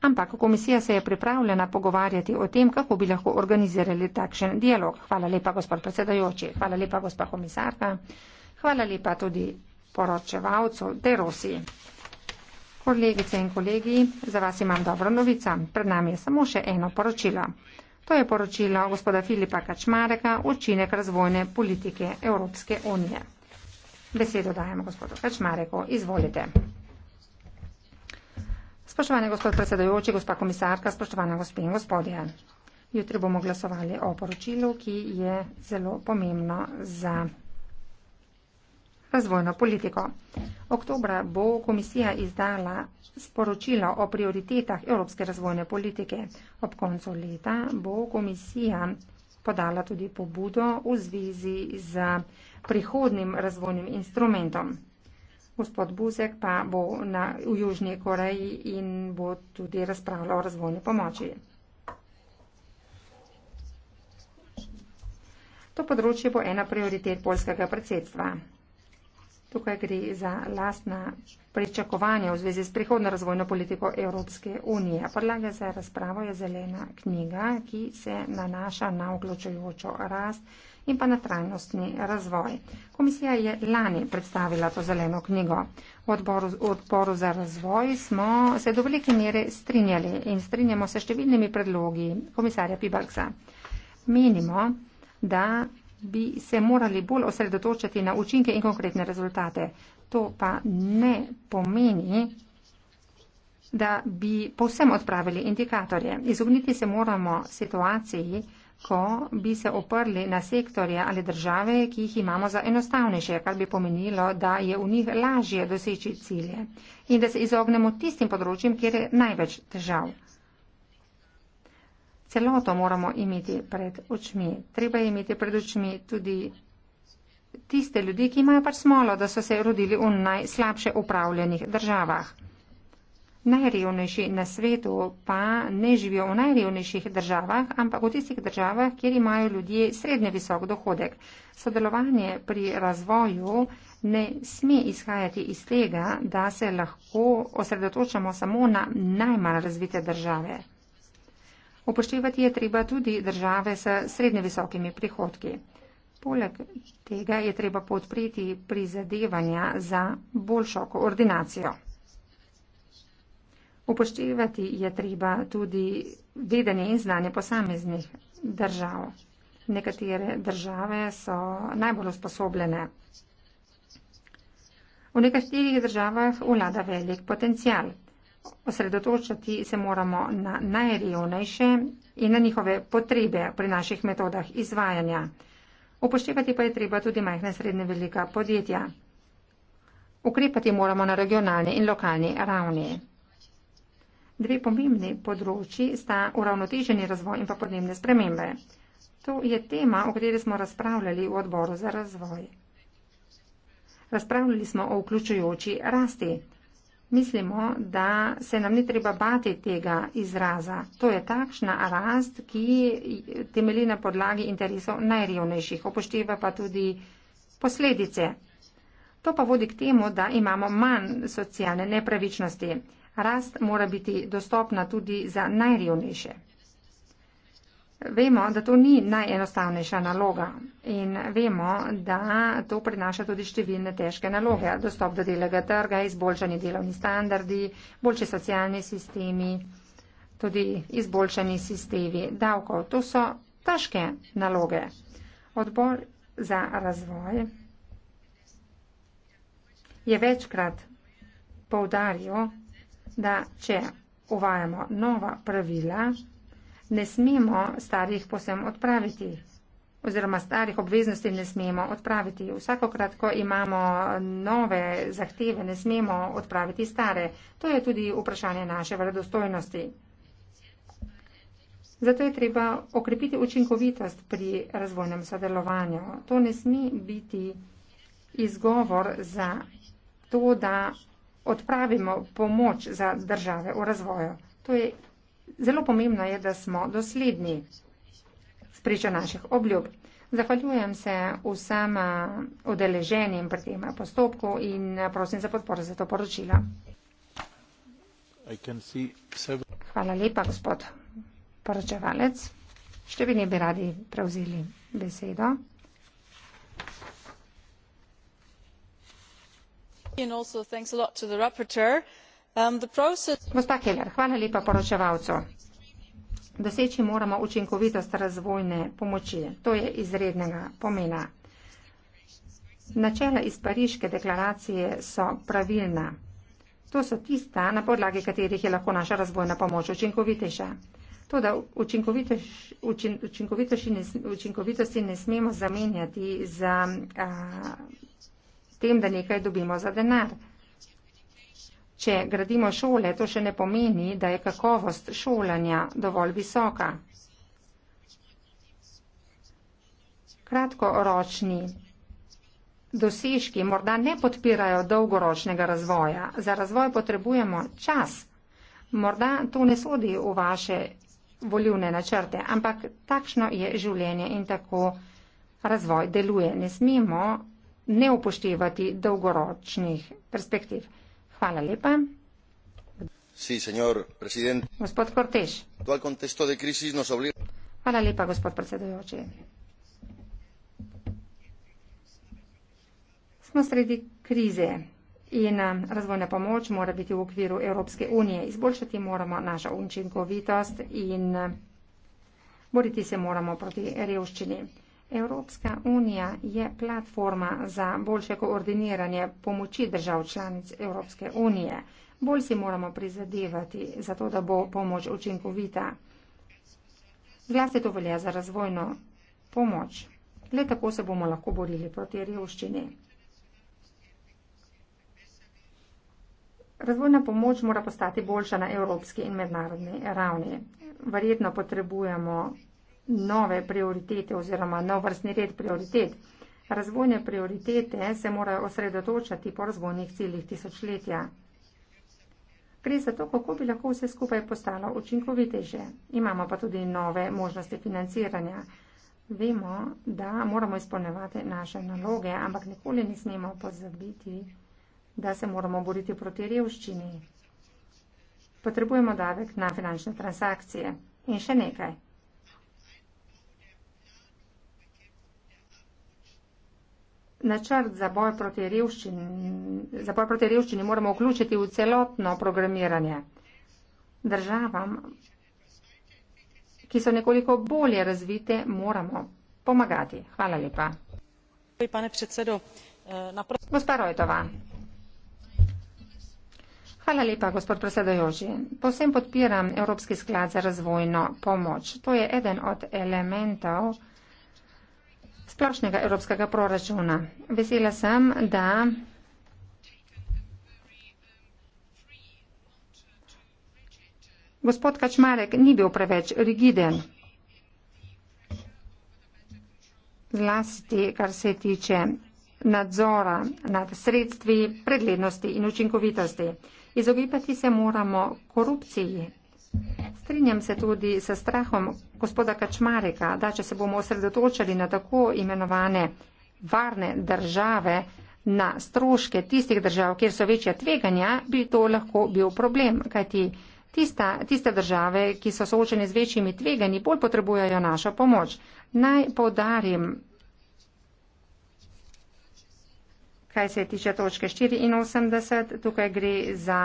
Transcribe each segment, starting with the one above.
ampak komisija se je pripravljena pogovarjati o tem, kako bi lahko organizirali takšen dialog. Hvala lepa, gospod predsedajoči. Hvala lepa, gospod komisarka. Hvala lepa tudi poročevalcu Derosi. Kolegice in kolegi, za vas imam dobro novico. Pred nami je samo še eno poročilo. To je poročilo gospoda Filipa Kačmareka, učinek razvojne politike Evropske unije. Besedo dajemo gospodu Kačmareku. Izvolite. Spoštovani gospod predsedajoči, gospa komisarka, spoštovana gospe in gospodje. Jutri bomo glasovali o poročilu, ki je zelo pomembno za razvojno politiko. Oktobra bo komisija izdala sporočilo o prioritetah evropske razvojne politike. Ob koncu leta bo komisija podala tudi pobudo v zvezi z prihodnim razvojnim instrumentom gospod Buzek pa bo na, v Južni Koreji in bo tudi razpravljal o razvojni pomoči. To področje bo ena prioritet polskega predsedstva. Tukaj gre za lastna pričakovanja v zvezi s prihodno razvojno politiko Evropske unije. Podlaga za razpravo je zelena knjiga, ki se nanaša na vključujočo rast in pa na trajnostni razvoj. Komisija je lani predstavila to zeleno knjigo. V odboru, odboru za razvoj smo se do velike mere strinjali in strinjamo se številnimi predlogi komisarja Pibalksa. Menimo, da bi se morali bolj osredotočiti na učinke in konkretne rezultate. To pa ne pomeni, da bi povsem odpravili indikatorje. Izogniti se moramo situaciji, ko bi se oprli na sektorje ali države, ki jih imamo za enostavnejše, kar bi pomenilo, da je v njih lažje doseči cilje in da se izognemo tistim področjem, kjer je največ težav. Celoto moramo imeti pred očmi. Treba je imeti pred očmi tudi tiste ljudi, ki imajo pač smolo, da so se rodili v najslabše upravljenih državah. Najrevnejši na svetu pa ne živijo v najrevnejših državah, ampak v tistih državah, kjer imajo ljudje srednje visok dohodek. Sodelovanje pri razvoju ne sme izhajati iz tega, da se lahko osredotočamo samo na najmanj razvite države. Upoštevati je treba tudi države s srednje visokimi prihodki. Poleg tega je treba podpreti prizadevanja za boljšo koordinacijo. Upoštevati je treba tudi vedenje in znanje posameznih držav. Nekatere države so najbolj usposobljene. V nekaterih državah vlada velik potencial. Osredotočati se moramo na najrevnejše in na njihove potrebe pri naših metodah izvajanja. Upoštevati pa je treba tudi majhne srednje velika podjetja. Ukrepati moramo na regionalni in lokalni ravni. Dve pomembni področji sta uravnoteženi razvoj in pa podnebne spremembe. To je tema, o kateri smo razpravljali v odboru za razvoj. Razpravljali smo o vključujoči rasti. Mislimo, da se nam ni treba bati tega izraza. To je takšna rast, ki temeli na podlagi interesov najrevnejših, upošteva pa tudi posledice. To pa vodi k temu, da imamo manj socialne nepravičnosti. Rast mora biti dostopna tudi za najrevnejše. Vemo, da to ni najenostavnejša naloga in vemo, da to prinaša tudi številne težke naloge. Dostop do delega trga, izboljšani delovni standardi, boljši socialni sistemi, tudi izboljšani sistemi davkov. To so težke naloge. Odbor za razvoj je večkrat poudaril, da če uvajamo nova pravila, ne smemo starih posem odpraviti oziroma starih obveznosti ne smemo odpraviti. Vsakokrat, ko imamo nove zahteve, ne smemo odpraviti stare. To je tudi vprašanje naše vredostojnosti. Zato je treba okrepiti učinkovitost pri razvojnem sodelovanju. To ne sme biti izgovor za to, da odpravimo pomoč za države v razvoju. To je zelo pomembno, je, da smo dosledni spričo naših obljub. Zahvaljujem se vsem odeleženim eh, pri tem postopku in eh, prosim za podporo za to poročilo. Hvala lepa, gospod poročevalec. Številni bi radi prevzeli besedo. Um, gospa keller hvala lepa poročevalcu doseči moramo učinkovitost razvojne pomoči to je izrednega pomena načela iz pariške deklaracije so pravilna to so tista na podlagi katerih je lahko naša razvojna pomoč učinkovitejša to da učinkovitejš, učin, učinkovitosti ne smemo zamenjati za a, tem, da nekaj dobimo za denar. Če gradimo šole, to še ne pomeni, da je kakovost šolanja dovolj visoka. Kratkoročni dosežki morda ne podpirajo dolgoročnega razvoja. Za razvoj potrebujemo čas. Morda to ne sodi v vaše volivne načrte, ampak takšno je življenje in tako razvoj deluje. Ne smemo ne upoštevati dolgoročnih perspektiv. Hvala lepa. Sí, señor presidente. Gospod Cortés. Actual contexto de crisis nos obliga. Hvala lepa, gospod predsedujoči. Smo sredi krize in um, razvojna pomoč mora biti v okviru Evropske unije. Izboljšati moramo našo učinkovitost in um, boriti se moramo proti revščini. Evropska unija je platforma za boljše koordiniranje pomoči držav članic Evropske unije. Bolj si moramo prizadevati za to, da bo pomoč učinkovita. Zlasti to velja za razvojno pomoč. Le tako se bomo lahko borili proti revščini. Razvojna pomoč mora postati boljša na evropski in mednarodni ravni. Verjetno potrebujemo nove prioritete oziroma nov vrstni red prioritet. Razvojne prioritete se morajo osredotočati po razvojnih ciljih tisočletja. Gre za to, kako bi lahko vse skupaj postalo učinkovitejše. Imamo pa tudi nove možnosti financiranja. Vemo, da moramo izpolnevati naše naloge, ampak nikoli ne smemo pozabiti, da se moramo boriti proti revščini. Potrebujemo davek na finančne transakcije. In še nekaj. načrt za boj proti revščini, za boj proti revščini moramo vključiti v celotno programiranje. Državam, ki so nekoliko bolje razvite, moramo pomagati. Hvala lepa. Hvala lepa, gospod predsedojoči. Povsem podpiram Evropski sklad za razvojno pomoč. To je eden od elementov, splošnega evropskega proračuna. Vesela sem, da gospod Kačmarek ni bil preveč rigiden. Zlasti, kar se tiče nadzora nad sredstvi, preglednosti in učinkovitosti. Izogibati se moramo korupciji. Strinjam se tudi sa strahom gospoda Kačmareka, da če se bomo osredotočili na tako imenovane varne države, na stroške tistih držav, kjer so večja tveganja, bi to lahko bil problem, kajti tista, tiste države, ki so soočene z večjimi tveganji, bolj potrebujejo našo pomoč. Naj povdarim, kaj se tiče točke 84, tukaj gre za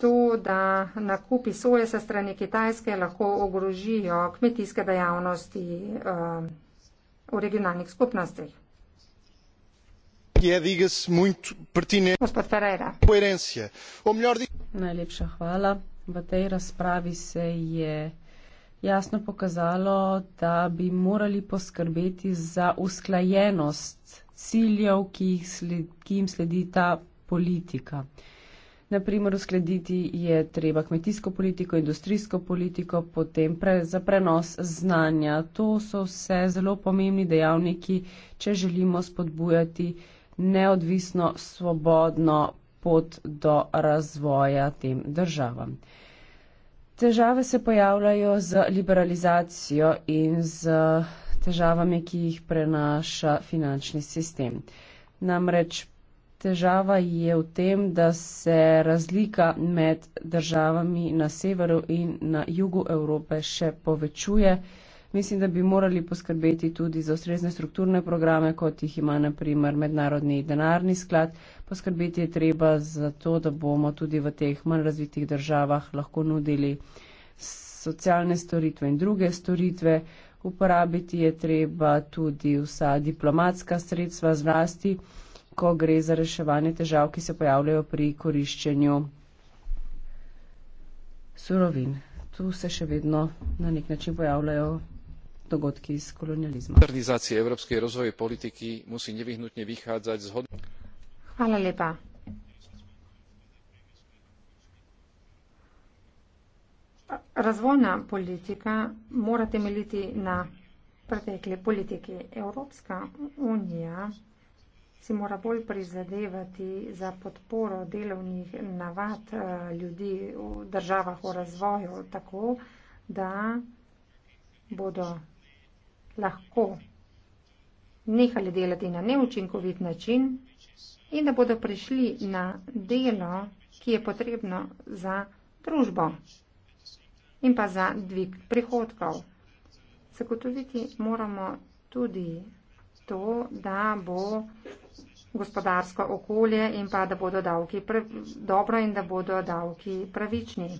to, da nakupi soje se strani Kitajske lahko ogrožijo kmetijske dejavnosti um, v regionalnih skupnostih. Gospod Ferreira. Najlepša hvala. V tej razpravi se je jasno pokazalo, da bi morali poskrbeti za usklajenost ciljev, ki jim sledi ta politika naprimer uskladiti je treba kmetijsko politiko, industrijsko politiko, potem pre, za prenos znanja. To so vse zelo pomembni dejavniki, če želimo spodbujati neodvisno, svobodno pot do razvoja tem državam. Težave se pojavljajo z liberalizacijo in z težavami, ki jih prenaša finančni sistem. Namreč težava je v tem, da se razlika med državami na severu in na jugu Evrope še povečuje. Mislim, da bi morali poskrbeti tudi za ustrezne strukturne programe, kot jih ima naprimer mednarodni denarni sklad. Poskrbeti je treba za to, da bomo tudi v teh manj razvitih državah lahko nudili socialne storitve in druge storitve. Uporabiti je treba tudi vsa diplomatska sredstva zlasti ko gre za reševanje težav, ki se pojavljajo pri koriščenju surovin. Tu se še vedno na nek način pojavljajo dogodki iz kolonializma. Modernizacija evropske razvoje politiki musi nevyhnutne vychádzať z zhod... Hvala lepa. Razvojna politika mora temeljiti na pretekli politiki. Evropska unija si mora bolj prizadevati za podporo delovnih navad eh, ljudi v državah v razvoju, tako da bodo lahko nehali delati na neučinkovit način in da bodo prišli na delo, ki je potrebno za družbo in pa za dvig prihodkov. Zagotoviti moramo tudi to, da bo gospodarsko okolje in pa, da bodo davki dobro in da bodo davki pravični.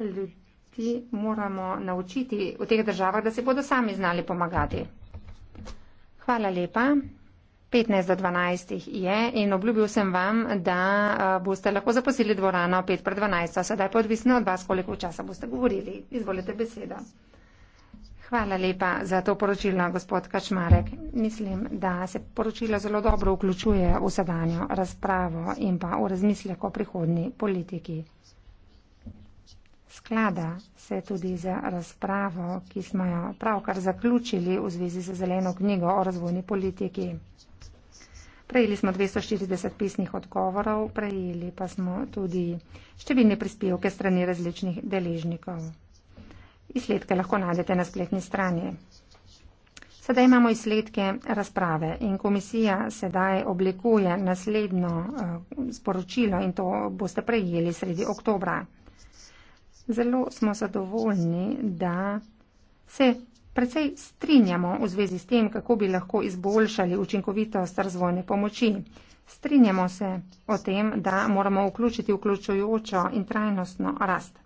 Ljudi moramo naučiti v teh državah, da se bodo sami znali pomagati. Hvala lepa. 15 do 12 je in obljubil sem vam, da eh, boste lahko zaposlili dvorano 5 pred 12. Sedaj pa odvisno od vas, koliko časa boste govorili. Izvolite besedo. Hvala lepa za to poročilo, gospod Kačmarek. Mislim, da se poročilo zelo dobro vključuje v sedanjo razpravo in pa v razmislek o prihodni politiki. Sklada se tudi za razpravo, ki smo jo pravkar zaključili v zvezi z zeleno knjigo o razvojni politiki. Prejeli smo 240 pisnih odgovorov, prejeli pa smo tudi številne prispevke strani različnih deležnikov. Izsledke lahko najdete na spletni strani. Sedaj imamo izsledke razprave in komisija sedaj oblikuje naslednjo eh, sporočilo in to boste prejeli sredi oktobra. Zelo smo zadovoljni, da se predvsej strinjamo v zvezi s tem, kako bi lahko izboljšali učinkovitost razvojne pomoči. Strinjamo se o tem, da moramo vključiti vključujočo in trajnostno rast.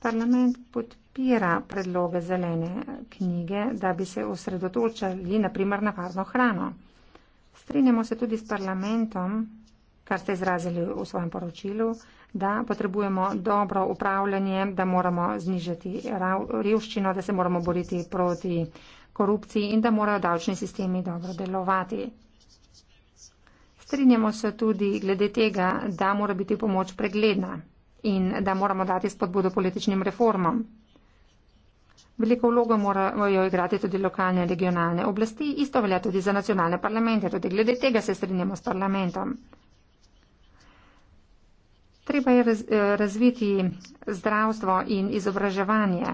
Parlament podpira podpira predloge zelene knjige, da bi se osredotočali naprimer na varno hrano. Strinjamo se tudi s parlamentom, kar ste izrazili v svojem poročilu, da potrebujemo dobro upravljanje, da moramo znižati revščino, da se moramo boriti proti korupciji in da morajo davčni sistemi dobro delovati. Strinjamo se tudi glede tega, da mora biti pomoč pregledna in da moramo dati spodbudo političnim reformam. Veliko vlogo morajo igrati tudi lokalne in regionalne oblasti, isto velja tudi za nacionalne parlamente, tudi glede tega se strinjamo s parlamentom. Treba je eh, razviti zdravstvo in izobraževanje.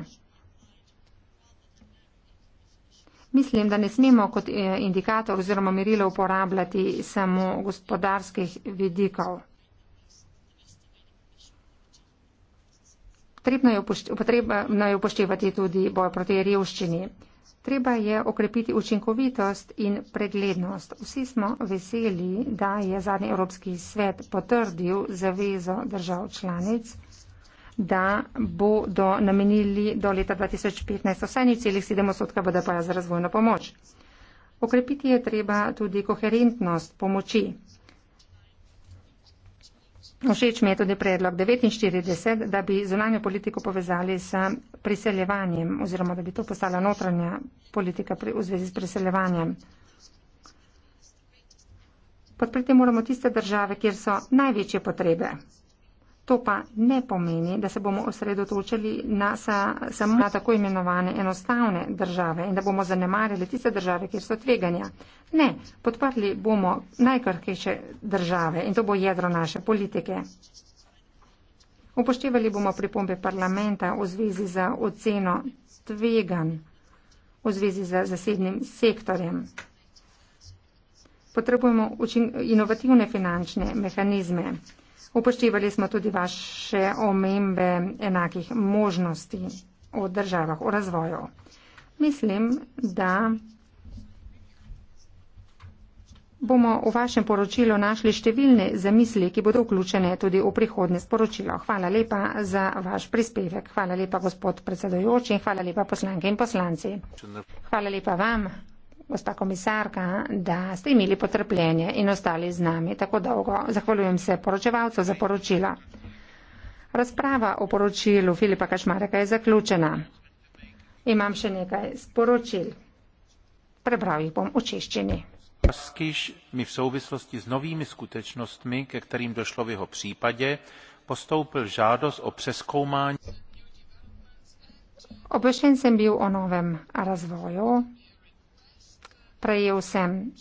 Mislim, da ne smemo kot eh, indikator oziroma merilo uporabljati samo gospodarskih vidikov. Potrebno je upoštevati tudi boj proti revščini. Treba je okrepiti učinkovitost in preglednost. Vsi smo veseli, da je zadnji Evropski svet potrdil zavezo držav članic, da bodo namenili do leta 2015 vsaj 0,7% BDP za razvojno pomoč. Okrepiti je treba tudi koherentnost pomoči. Všeč mi je tudi predlog 49, da bi zunanjo politiko povezali s priseljevanjem oziroma da bi to postala notranja politika pri, v zvezi s priseljevanjem. Podpreti moramo tiste države, kjer so največje potrebe. To pa ne pomeni, da se bomo osredotočili na sa, samo na tako imenovane enostavne države in da bomo zanemarjali tiste države, kjer so tveganja. Ne, podprli bomo najkrhkejše države in to bo jedro naše politike. Upoštevali bomo pripombe parlamenta v zvezi za oceno tvegan, v zvezi za zasebnim sektorjem. Potrebujemo učin, inovativne finančne mehanizme. Upoštevali smo tudi vaše omembe enakih možnosti o državah, o razvoju. Mislim, da bomo v vašem poročilu našli številne zamisli, ki bodo vključene tudi v prihodne sporočilo. Hvala lepa za vaš prispevek. Hvala lepa, gospod predsedojoči. Hvala lepa, poslanke in poslanci. Hvala lepa vam gospa komisarka, da ste imeli potrpljenje in ostali z nami tako dolgo. Zahvaljujem se poročevalcu za poročila. Razprava o poročilu Filipa Kašmareka je zaključena. Imam še nekaj sporočil. Prebral jih bom v češčini. Paskiš mi v souvislosti s novými skutečnostmi, ke kterým došlo v jeho případě, postoupil žádost o přeskoumání. Obešen jsem byl o novém razvoju, prejel sem